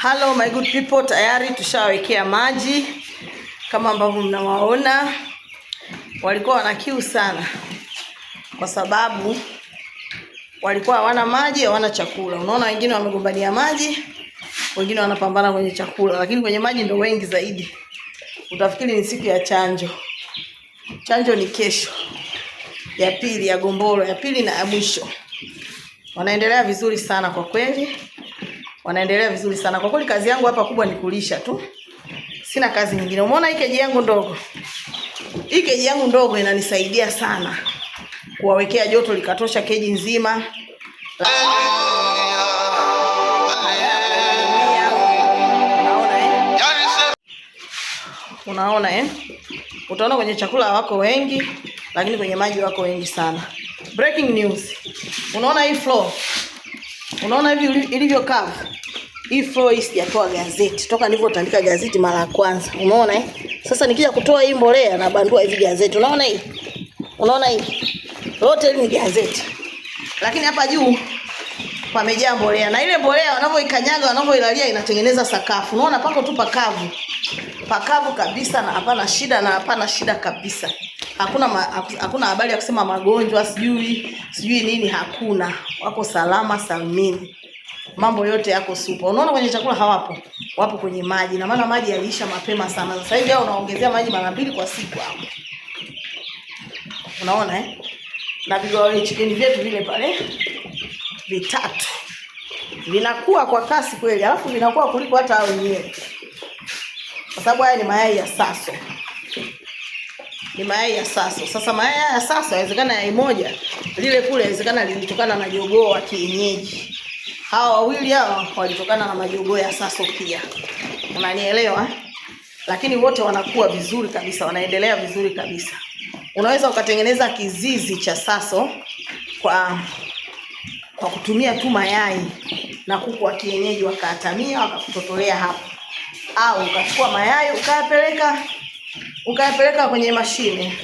Hello my good people, tayari tushawekea maji kama ambavyo mnawaona. Walikuwa wana kiu sana, kwa sababu walikuwa hawana maji, hawana chakula. Unaona, wengine wamegombania maji, wengine wanapambana kwenye chakula, lakini kwenye maji ndo wengi zaidi. Utafikiri ni siku ya chanjo. Chanjo ni kesho, ya pili ya gomboro, ya pili na ya mwisho. Wanaendelea vizuri sana kwa kweli wanaendelea vizuri sana kwa kweli. Kazi yangu hapa kubwa ni kulisha tu, sina kazi nyingine. Umeona hii keji yangu ndogo, hii keji yangu ndogo inanisaidia sana kuwawekea joto likatosha keji nzima Unaona eh? Utaona kwenye chakula wako wengi, lakini kwenye maji wako wengi sana. Breaking news. Unaona hii floor? Unaona hivi ilivyo hii floor hii sijatoa gazeti toka nilipotandika gazeti mara ya kwanza, umeona eh? Sasa nikija kutoa hii mbolea na bandua hivi gazeti, unaona hii, unaona hii, lote ni gazeti, lakini hapa juu pamejaa mbolea, na ile mbolea wanavyoikanyaga wanavyoilalia inatengeneza sakafu. Unaona pako tu pakavu, pakavu kabisa, na hapana shida, na hapana shida kabisa. Hakuna ma, hakuna habari ya kusema magonjwa sijui sijui nini, hakuna, wako salama salmini mambo yote yako supa. Unaona kwenye chakula hawapo, wapo kwenye maji, na maana maji yaliisha mapema sana. Sasa hivi hao unaongezea maji mara mbili kwa siku hapo, unaona eh? Na vigawale chicken vyetu vile pale vitatu vinakuwa kwa kasi kweli, alafu vinakuwa kuliko hata hao wenyewe, kwa sababu haya ni mayai ya saso ni mayai ya saso. Sasa mayai ya saso yawezekana yai moja lile kule, yawezekana lilitokana na jogoo wa kienyeji hawa wawili hawa walitokana na majogoo ya Saso pia, unanielewa? Lakini wote wanakuwa vizuri kabisa, wanaendelea vizuri kabisa. Unaweza ukatengeneza kizizi cha Saso kwa kwa kutumia tu mayai na kuku wa kienyeji wakaatamia wakakutotolea hapo, au ukachukua mayai ukayapeleka ukayapeleka kwenye mashine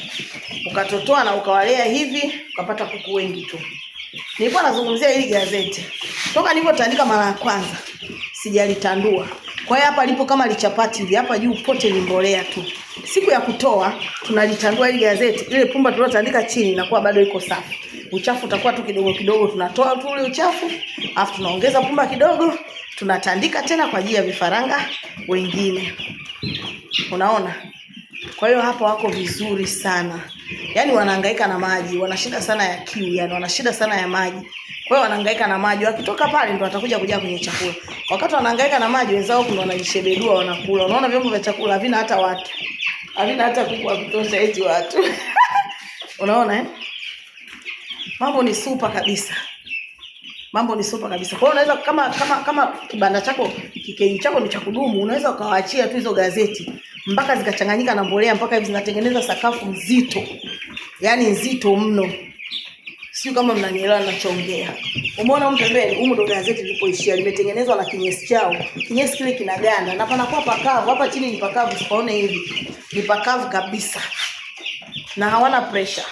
ukatotoa na ukawalea hivi ukapata kuku wengi tu. Nilikuwa nazungumzia hili gazeti toka nilipotandika mara ya kwanza, sijalitandua. Kwa hiyo hapa lipo kama lichapati hivi, hapa juu pote ni mbolea tu. Siku ya kutoa tunalitandua hili gazeti, ile pumba tuliyotandika chini inakuwa bado iko safi. Uchafu utakuwa tu kidogo kidogo, tunatoa tu ule uchafu, afu tunaongeza pumba kidogo, tunatandika tena kwa ajili ya vifaranga wengine. Unaona? Kwa hiyo hapo wako vizuri sana yani wanahangaika na maji, wana shida sana ya kiu, yani wana shida sana ya maji. Kwa hiyo wanahangaika na maji. Wakitoka pale ndo watakuja kuja kwenye chakula. Wakati wanahangaika na maji wenzao kuna wanajishebedua wanakula. Unaona vyombo vya chakula havina hata watu. Havina hata kuku wa kutosha eti watu. Unaona eh? Mambo ni super kabisa. Mambo ni super kabisa. Kwa hiyo unaweza kama kama kama kibanda chako kikei chako ni cha kudumu, unaweza ukawaachia tu hizo gazeti mpaka zikachanganyika na mbolea mpaka hivi zinatengeneza sakafu nzito, yaani nzito mno. Sio kama mnanielewa ninachoongea. Umeona huko pembeni, huko ndo gazeti lilipoishia, limetengenezwa na kinyesi chao. Kinyesi kile kinaganda na pana kwa pakavu, hapa chini ni pakavu, sipaone hivi. Ni pakavu kabisa. Na hawana pressure.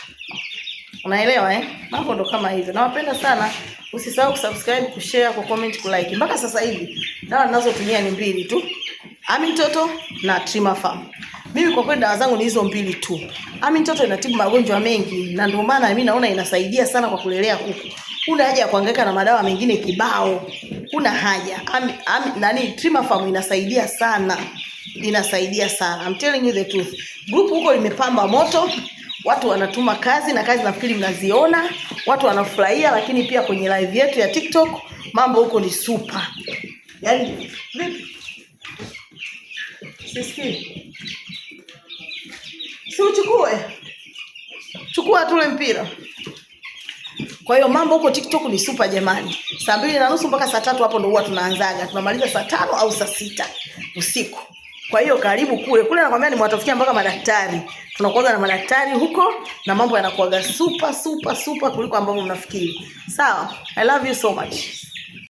Unaelewa eh? Mambo ndo kama hivyo. Nawapenda sana. Usisahau kusubscribe, kushare, kucomment, kulike. Mpaka sasa hivi dawa ninazotumia ni mbili tu. Ami mtoto na Trimafam. Mimi kwa kweli dawa zangu ni hizo mbili tu. Ami mtoto inatibu magonjwa mengi na ndio maana mimi naona inasaidia sana kwa kulelea kuku. Una haja ya kuhangaika na madawa mengine kibao. Una haja. Ami, ami, nani Trimafam inasaidia sana. Inasaidia sana. I'm telling you the truth. Group huko limepamba moto. Watu wanatuma kazi na kazi nafikiri mnaziona. Watu wanafurahia lakini pia kwenye live yetu ya TikTok mambo huko ni super. Yaani vipi? Sisikii. Si uchukue. Chukua tule mpira. Kwa hiyo mambo huko TikTok ni super jamani. Saa mbili na nusu mpaka saa tatu hapo ndo huwa tunaanzaga. Tunamaliza saa tano au saa sita usiku. Kwa hiyo karibu kule. Kule nakwambia nimewatafutia mpaka madaktari. Tunakuaga na madaktari huko na mambo yanakuaga super super super kuliko ambavyo mnafikiri. Sawa. so, I love you so much.